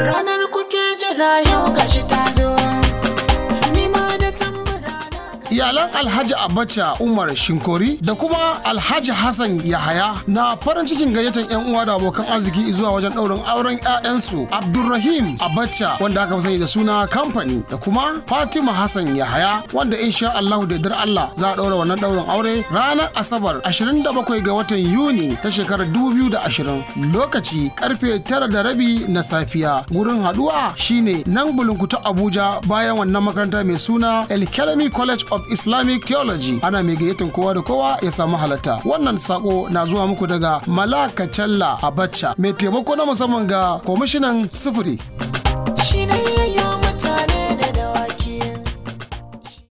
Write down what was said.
Ranar kuke jira yau gashi ta zo iyalan Alhaji Abacha Umar Shinkori da kuma Alhaji Hassan Yahaya na farin cikin gayyatar 'yan uwa da abokan arziki zuwa wajen ɗaurin auren 'ya'yansu Abdulrahim Abacha wanda aka sani da suna kamfani da kuma Fatima Hassan Yahaya wanda insha Allah da dar Allah za a ɗaura wannan ɗaurin aure ranar Asabar 27 ga watan Yuni ta shekarar 2020 lokaci karfe tara da rabi na safiya wurin haɗuwa shine nan bulunkuta Abuja bayan wannan makaranta mai suna El Kelami College of Islamic Theology ana mai gayyatan kowa da kowa ya samu halatta wannan sako na zuwa muku daga Malaka Challa Abacha mai taimako na musamman ga kwamishinan sufuri.